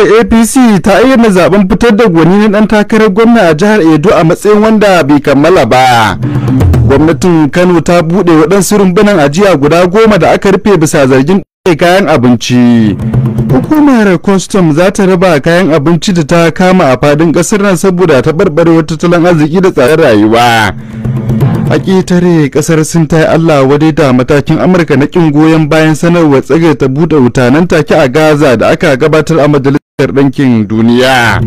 jam'iyyar apc ta ayyana zaben fitar da gwani na ɗan takarar gwamna a jihar edo a matsayin wanda bai kammala ba gwamnatin kano ta buɗe waɗansu rumbunan ajiya guda goma da aka rufe bisa zargin kayan abinci hukumar custom za ta raba kayan abinci da ta kama a fadin ƙasar nan saboda ta wata tattalin arziki da tsare rayuwa baki tare kasar sun ta Allah wadai da matakin Amurka na kin goyon bayan sanarwar tsagar ta bude wuta nan take a Gaza da aka gabatar a majalisar ɗinkin duniya.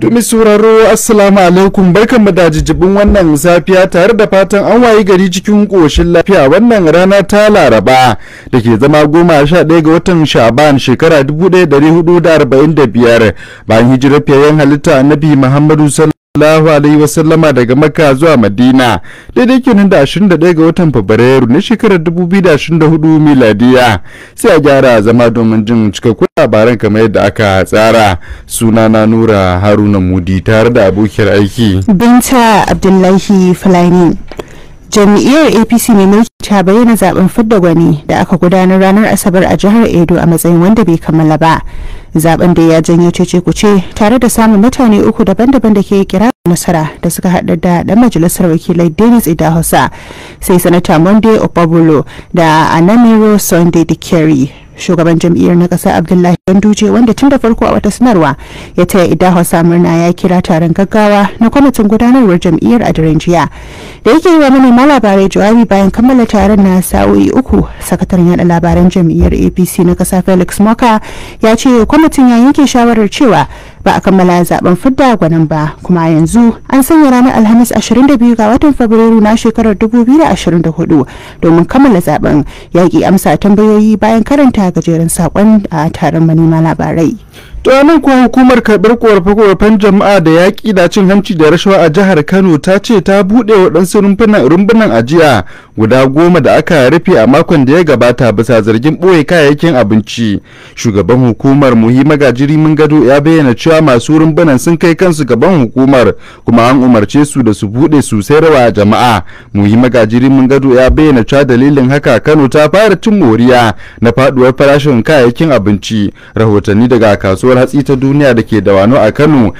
Tumi sauraro Assalamu alaikum barkanmu da jijibin wannan safiya tare da fatan an wayi gari cikin ƙoshin lafiya wannan rana ta Laraba da ke zama goma sha ɗaya ga watan Shaban shekara 1445 bayan hijirar fiyayen halitta Annabi Muhammadu sallallahu alaihi wasallama daga makka zuwa madina daidai kenan da 21 ga watan fabrairu na shekarar 2024 miladiya sai a gyara zama domin jin cikakkun labaran kamar yadda aka tsara suna na nura haruna mudi tare da abokiyar aiki binta abdullahi fulani jami'iyar apc mai mulki ta bayyana zaben fidda gwani da aka gudanar ranar asabar a jihar edo a matsayin wanda bai kammala ba zaben da ya janyo cece ce tare da samun mutane uku daban-daban da ke kira nasara da suka hada da dan majalisar wakilai denis idahosa sai sanata monday opabolo da anamiro sunday dikeri shugaban jam'iyyar na kasa abdullahi ganduje wanda tun da farko a wata sanarwa ya taya idaho na ya kira taron gaggawa na kwamitin gudanarwar jam'iyyar a daren jiya da yake yi wa manema labarai jawabi bayan kammala taron na sa'o'i uku sakataren yada labaran jam'iyyar apc na kasa felix moka ya ce kwamitin ya yanke shawarar cewa ba a kammala zaben fidda gwanin ba kuma yanzu an sanya ranar alhamis 22 ga watan fabrairu na shekarar 2024 domin kammala zaben yaƙi amsa tambayoyi bayan karanta ta gajeren saƙon a taron manema labarai to nan kuwa hukumar karɓar korafe-korafen jama'a da yaƙi da cin hanci da rashawa a jihar kano ta ce ta buɗe waɗansu rumfunan rumbunan ajiya guda goma da aka rufe a makon da ya gabata bisa zargin ɓoye kayayyakin abinci shugaban hukumar muhi magajiri mun gado ya bayyana cewa masu rumbunan sun kai kansu gaban hukumar kuma an umarce su da su buɗe su rawa a jama'a muhi magajiri mun gado ya bayyana cewa dalilin haka kano ta fara cin moriya na faɗuwar farashin kayayyakin abinci rahotanni daga kasuwar kasuwar hatsi ta duniya da ke dawano a kano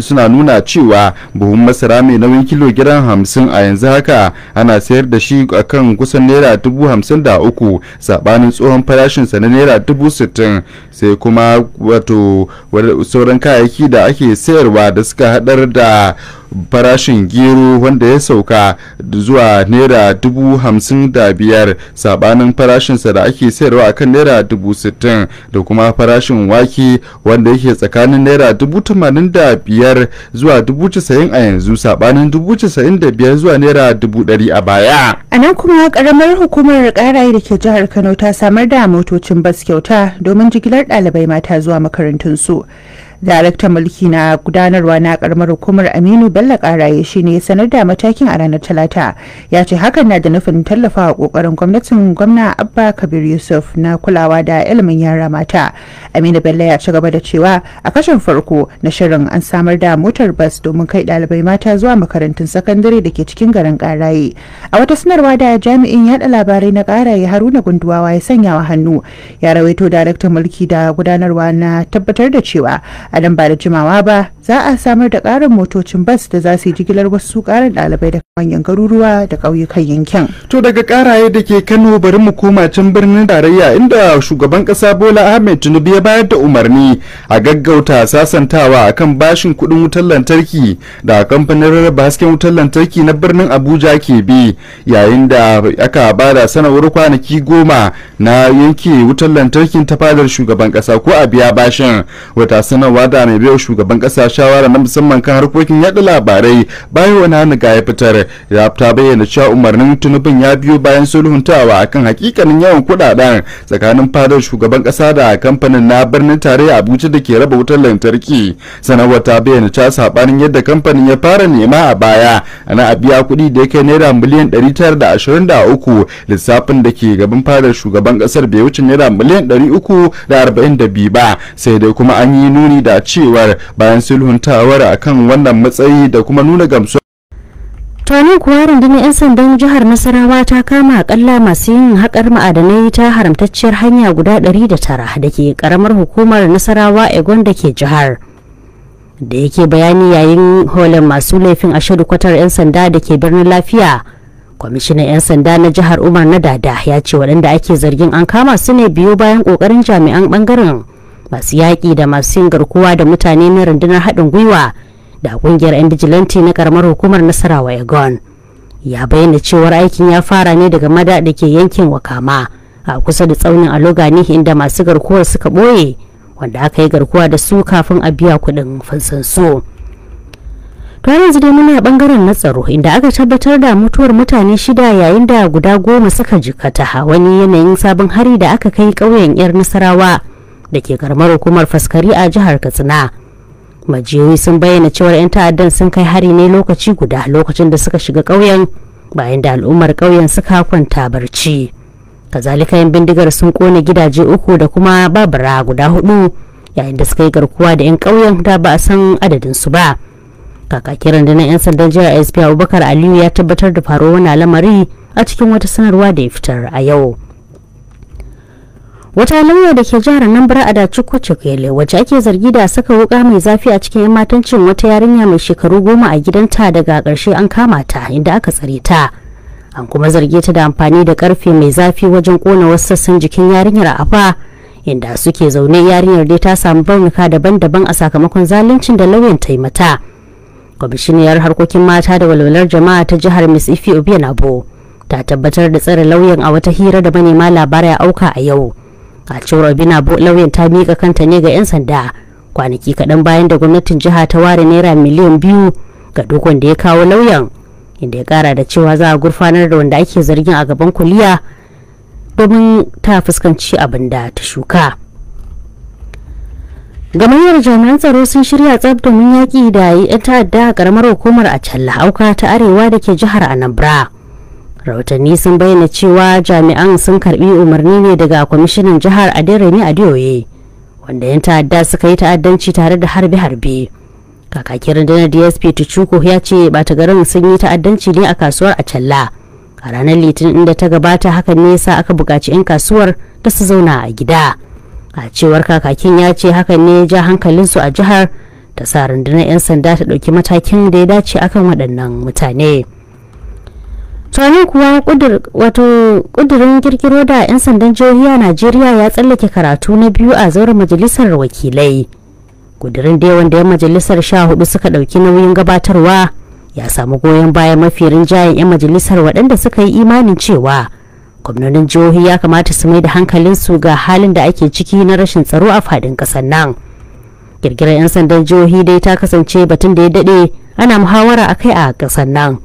suna nuna cewa buhun masara mai nauyin kilogiram hamsin a yanzu haka ana sayar da shi a kan kusan naira dubu hamsin da uku saɓanin tsohon farashinsa na naira dubu sittin sai kuma wato sauran kayayyaki da ake sayarwa da suka haɗar da farashin gero wanda ya sauka zuwa naira dubu hamsin da biyar sabanin farashinsa da ake sayarwa a kan naira dubu sittin da kuma farashin wake wanda yake tsakanin naira dubu tamanin da biyar zuwa dubu casa'in a yanzu sabanin dubu casa'in da biyar zuwa naira dubu dari a baya. a nan kuma karamar hukumar karaye da ke jihar kano ta samar da motocin bas kyauta domin jigilar ɗalibai mata zuwa makarantunsu. daraktan mulki na gudanarwa na karamar hukumar aminu bello karaye shine ya sanar da matakin a ranar talata ya ce hakan na da nufin tallafawa kokarin gwamnatin gwamna abba kabir yusuf na kulawa da ilimin yara mata aminu bello ya ci gaba da cewa a kashin farko na shirin an samar da motar bas domin kai dalibai mata zuwa makarantun sakandare da ke cikin garin karaye a wata sanarwa da jami'in yada labarai na karaye haruna gunduwawa ya sanya wa hannu ya rawaito daraktan mulki da gudanarwa na tabbatar da cewa a ba da jimawa ba za a samar da ƙarin motocin bas da za su yi jigilar wasu ƙarin ɗalibai da manyan garuruwa da ƙauyukan yankin. To daga ƙaraye da ke Kano bari mu koma can birnin tarayya inda shugaban kasa Bola Ahmed Tinubu ya bayar da umarni a gaggauta sasantawa akan bashin kuɗin wutar lantarki da kamfanin rarraba hasken wutar lantarki na birnin Abuja ke bi yayin da aka ba da sanarwar kwanaki goma na yanke wutar lantarkin ta fadar shugaban kasa ko a biya bashin wata sanarwa da mai biyar shugaban ƙasa shawara na musamman kan harkokin yaɗa labarai bayan wani ga ya fitar ya ta bayyana cewa umarnin tunubin ya biyo bayan sulhuntawa a kan hakikanin yawan kuɗaɗen tsakanin fadar shugaban ƙasa da kamfanin na birnin tarayya abuja da ke raba wutar lantarki sanarwar ta bayyana cewa saɓanin yadda kamfanin ya fara nema a baya ana a biya kuɗi da ya kai naira miliyan 923 lissafin da ke gaban fadar shugaban ƙasar bai wuce naira miliyan 342 ba sai dai kuma an yi nuni da cewar bayan sulhu a kan wannan matsayi da kuma nuna gamsuwa tani kuwa rundunar 'yan sandan jihar nasarawa ta kama akalla masu yin haƙar ma'adanai ta haramtacciyar hanya guda ɗari da ke karamar hukumar nasarawa egon da ke jihar da yake bayani yayin holin masu laifin a kwatar 'yan sanda da ke birnin lafiya kwamishinan 'yan sanda na jihar umar na dada ya ce waɗanda ake zargin an kama su ne biyu bayan ƙoƙarin jami'an ɓangaren masu yaƙi da masu yin garkuwa da mutane na rundunar haɗin gwiwa da ƙungiyar 'yan bijilanti na ƙaramar hukumar nasarawa egon ya bayyana cewar aikin ya fara ne daga mada da ke yankin wakama a kusa da tsaunin alogani inda masu garkuwar suka ɓoye wanda aka yi garkuwa da su kafin a biya kuɗin fansansu to yanzu dai muna bangaren na tsaro inda aka tabbatar da mutuwar mutane shida yayin da guda goma suka jikata wani yanayin sabon hari da aka kai ƙauyen yar nasarawa da ke karamar hukumar faskari a jihar katsina majiyoyi sun bayyana cewar 'yan ta'addan sun kai hari ne lokaci guda lokacin da suka shiga ƙauyen bayan da al'ummar ƙauyen suka kwanta barci kazalika 'yan bindigar sun kone gidaje uku da kuma babura guda hudu yayin da suka yi garkuwa da 'yan ƙauyen da ba a san adadin su ba kakakin rundunar 'yan sandan jihar sp abubakar aliyu ya tabbatar da faruwar wani lamari a cikin wata sanarwa da ya fitar a yau wata lauya da ke jihar anambra a daci kwacekele wacce ake zargi da saka wuka mai zafi a cikin yan matancin wata yarinya mai shekaru goma a gidanta daga ƙarshe an kama ta inda aka tsare ta an kuma zarge ta da amfani da karfe mai zafi wajen kona wasu sassan jikin yarinyar a ba inda suke zaune yarinyar dai ta samu barnuka daban-daban a sakamakon zaluncin da lauyan ta yi mata kwamishiniyar harkokin mata da walwalar jama'a ta jihar miss ifi obianabo ta tabbatar da tsare lauyan a wata hira da manema labarai auka a yau a cewar binabo lauyan ta miƙa kanta ne ga 'yan sanda kwanaki kaɗan bayan da gwamnatin jiha ta ware naira miliyan biyu ga duk da ya kawo lauyan inda ya kara da cewa za a gurfanar da wanda ake zargin a gaban kuliya domin ta fuskanci abin da ta shuka gamayyar jami'an tsaro sun shirya tsab domin yaƙi da 'yan ta'adda a ƙaramar hukumar a challa auka ta arewa da ke jihar anambra rahotanni sun bayyana cewa jami'an sun karbi umarni ne daga kwamishinan jihar adirani adiyoyi wanda yan ta'adda suka yi ta'addanci tare da harbe-harbe kakakin rundunar dsp tuchuko ya ce bata garin sun yi ta'addanci ne a kasuwar a challa a ranar litinin inda ta gabata hakan ne sa aka bukaci 'yan kasuwar da su zauna a gida a cewar kakakin ya ce hakan ne ja hankalinsu a jihar ta sa rundunar 'yan sanda ta ɗauki matakin da ya dace akan waɗannan mutane. tonin kuwa kudurin kirkiro da 'yan sandan jihohi a najeriya ya tsallake karatu na biyu a zauren majalisar wakilai kudurin dai wanda 'yan majalisar sha hudu suka dauki nauyin gabatarwa ya samu goyon bayan mafi rinjayen 'yan majalisar waɗanda suka yi imanin cewa gwamnonin jihohi ya kamata su mai da su ga halin da ake ciki na rashin tsaro a fadin ƙasar nan kirkirar 'yan sandan jihohi dai ta kasance batun da ya dade ana muhawara akai a ƙasar nan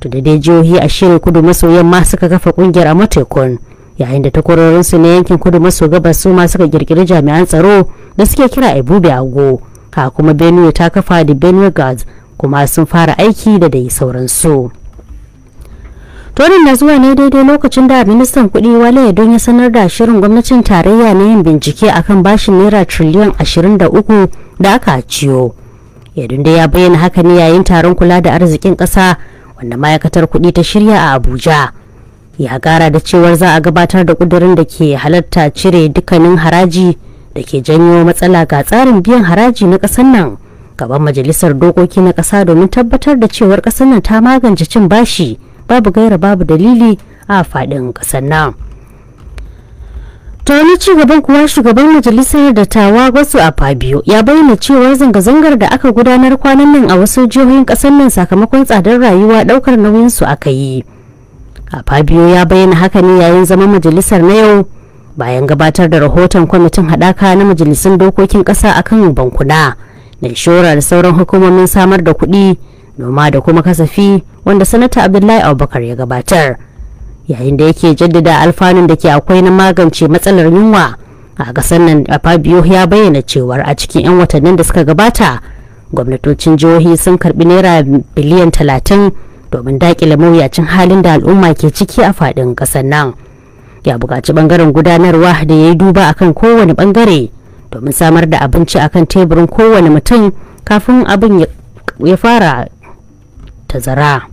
to da dai jihohi a shirin kudu maso yamma suka kafa kungiyar a matekun yayin da takwarorinsu na yankin kudu maso gabas su ma suka kirkiri jami'an tsaro da suke kira ebube ago ha kuma benue ta kafa da benue guards kuma sun fara aiki da dai sauransu tonin na zuwa ne daidai lokacin da ministan kuɗi wale don ya sanar da shirin gwamnatin tarayya na yin bincike akan bashin naira triliyan 23 da aka ciyo yadda ya bayyana haka ne yayin taron kula da arzikin ƙasa wanda ma'aikatar kuɗi ta shirya a abuja ya gara da cewar za a gabatar da ƙudurin da ke halatta cire dukkanin haraji da ke janyo matsala ga tsarin biyan haraji na ƙasar nan gaban majalisar dokoki na ƙasa domin tabbatar da cewar ƙasar nan ta magance cin bashi babu gaira babu dalili a faɗin ƙasar nan. ta wani ci gaban kuwa shugaban majalisar dattawa wasu a fabio ya bayyana cewa zanga-zangar da aka gudanar kwanan nan a wasu jihohin kasar nan sakamakon tsadar rayuwa daukar nauyinsu aka yi a fabio ya bayyana haka ne yayin zaman majalisar na yau bayan gabatar da rahoton kwamitin haɗaka na majalisun dokokin ƙasa akan bankuna da inshora da sauran hukumomin samar da kuɗi noma da kuma kasafi wanda sanata abdullahi abubakar ya gabatar yayin da yake jaddada alfanun da ke akwai na magance matsalar yunwa a gasar nan fabio ya bayyana cewar a cikin 'yan watannin da suka gabata gwamnatocin jihohi sun karbi naira biliyan talatin domin dakile mawuyacin halin da al'umma ke ciki a fadin kasar nan ya buƙaci bangaren gudanarwa da ya yi duba akan kowane bangare domin samar da abinci akan teburin kowane mutum kafin abin ya fara tazara.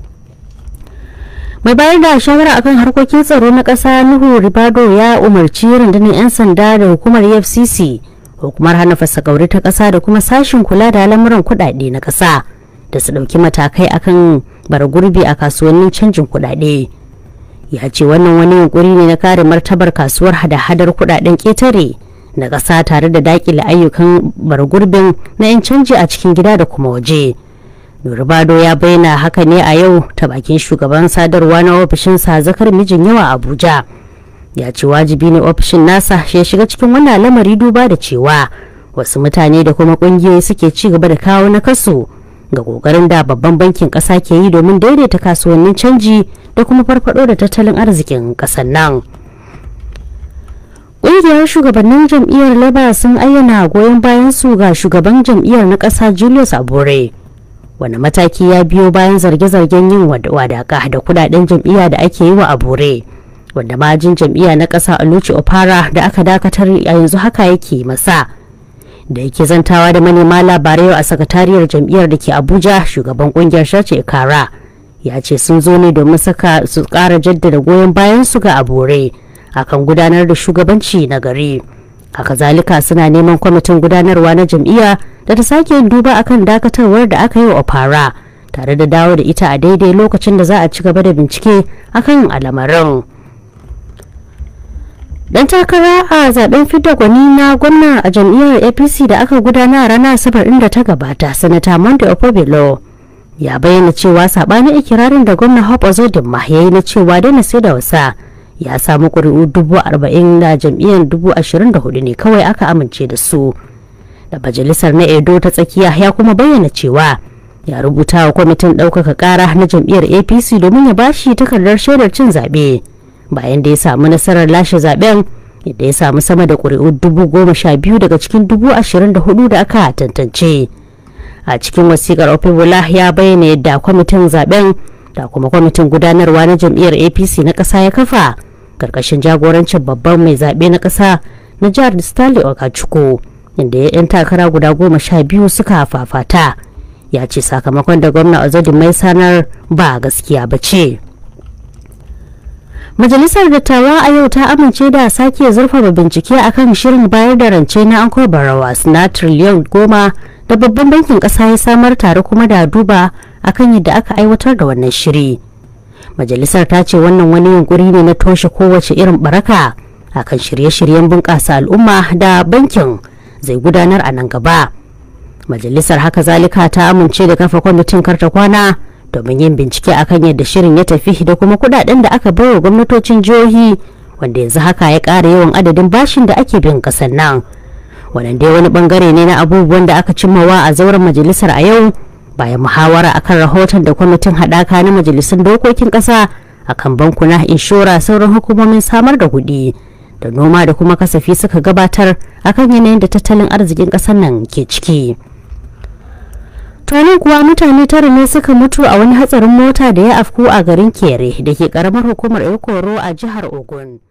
mai bayar da shawara akan harkokin tsaro na ƙasa nuhu ribado ya umarci rundunar 'yan sanda da hukumar e fcc hukumar hana fasakauri ta ƙasa da kuma sashin kula da lamuran kudade na ƙasa da su ɗauki matakai akan bar gurbi a kasuwannin canjin kudade ya ce wannan wani yunkuri ne na kare martabar kasuwar hada-hadar kudaden ketare na kasa tare da daƙile ayyukan bar gurbin na 'yan canji a cikin gida da kuma waje. yorubado ya bayyana haka ne a yau ta bakin shugaban sadarwa na ofishin sa zakar mijin yawa abuja ya ce wajibi ne ofishin nasa ya shiga cikin wannan lamari duba da cewa wasu mutane da kuma kungiyoyi suke ci gaba da kawo na kasu ga kokarin da babban bankin kasa ke yi domin daidaita kasuwannin canji da kuma farfado da tattalin arzikin kasar nan kungiyar shugabannin jam'iyyar labour sun ayyana goyon bayan su ga shugaban jam'iyyar na kasa julius abure wani mataki ya biyo bayan zarge-zargen yin wadaka da kudaden jam'iyya da ake yi wa abure wanda majin jam'iyya na ƙasa aluci opara da aka dakatar a yanzu haka yake masa da yake zantawa da manema labarai a sakatariyar jam'iyyar da ke abuja shugaban kungiyar shace kara ya ce sun zo ne domin saka su kara jaddada goyon bayan su ga abure akan gudanar da shugabanci na gari. haka zalika suna neman kwamitin gudanarwa na jam'iyya da ta sake yin duba akan dakatarwar da aka yi wa fara tare da dawo da ita a daidai lokacin da za a ci gaba da bincike akan al'amarin. dan takara a zaben fidda gwani na gwamna a jam'iyyar apc da aka gudana ranar asabar inda ta gabata sanata Monde opobelo ya bayyana cewa sabanin ikirarin da gwamna hope ozodin ma ya yi na cewa daina sai da wasa ya samu ƙuri'u dubu arba'in da jam'iyyar dubu ashirin da hudu ne kawai aka amince da su da majalisar na edo ta tsakiya ya kuma bayyana cewa ya rubuta wa kwamitin ɗaukaka ƙara na jam'iyyar apc domin ya bashi takardar shaidar cin zaɓe bayan da ya samu nasarar lashe zaben, yadda ya samu sama da ƙuri'u dubu goma sha biyu daga cikin dubu ashirin da hudu da aka tantance a cikin wasikar opebola ya bayyana yadda kwamitin zaben, da kuma kwamitin gudanarwa na jam'iyyar apc na ƙasa ya kafa karkashin jagorancin babban mai zaɓe na ƙasa na jihar stanley okachukwu inda ya 'yan takara guda goma sha biyu suka fafata ya ce sakamakon da gwamna ozodin mai sanar ba gaskiya ba ce majalisar dattawa a yau ta amince da sake zurfafa bincike akan shirin bayar da rance na anko barawas na triliyan goma da babban bankin ƙasa ya samar tare kuma da duba akan yadda aka aiwatar da wannan shiri majalisar ta ce wannan wani yunkuri ne na toshe kowace irin baraka akan shirye-shiryen bunƙasa al'umma da bankin zai gudanar a nan gaba majalisar haka zalika ta amince da kafa kwamitin karta kwana domin yin bincike akan yadda shirin ya tafi da kuma kudaden da aka baiwa gwamnatocin jihohi wanda yanzu haka ya kara yawan adadin bashin da ake bin kasan nan wannan dai wani bangare ne na abubuwan da aka cimmawa a zauren majalisar a yau bayan muhawara akan rahoton da kwamitin hadaka na majalisun dokokin ƙasa akan bankuna inshora sauran hukumomin samar da kuɗi da noma da kuma kasafi suka gabatar akan yanayin da tattalin arzikin ƙasar nan ke ciki. tonin kuwa mutane tara ne suka mutu a wani hatsarin mota da ya afku a garin kere da ke karamar hukumar ekoro a jihar ogun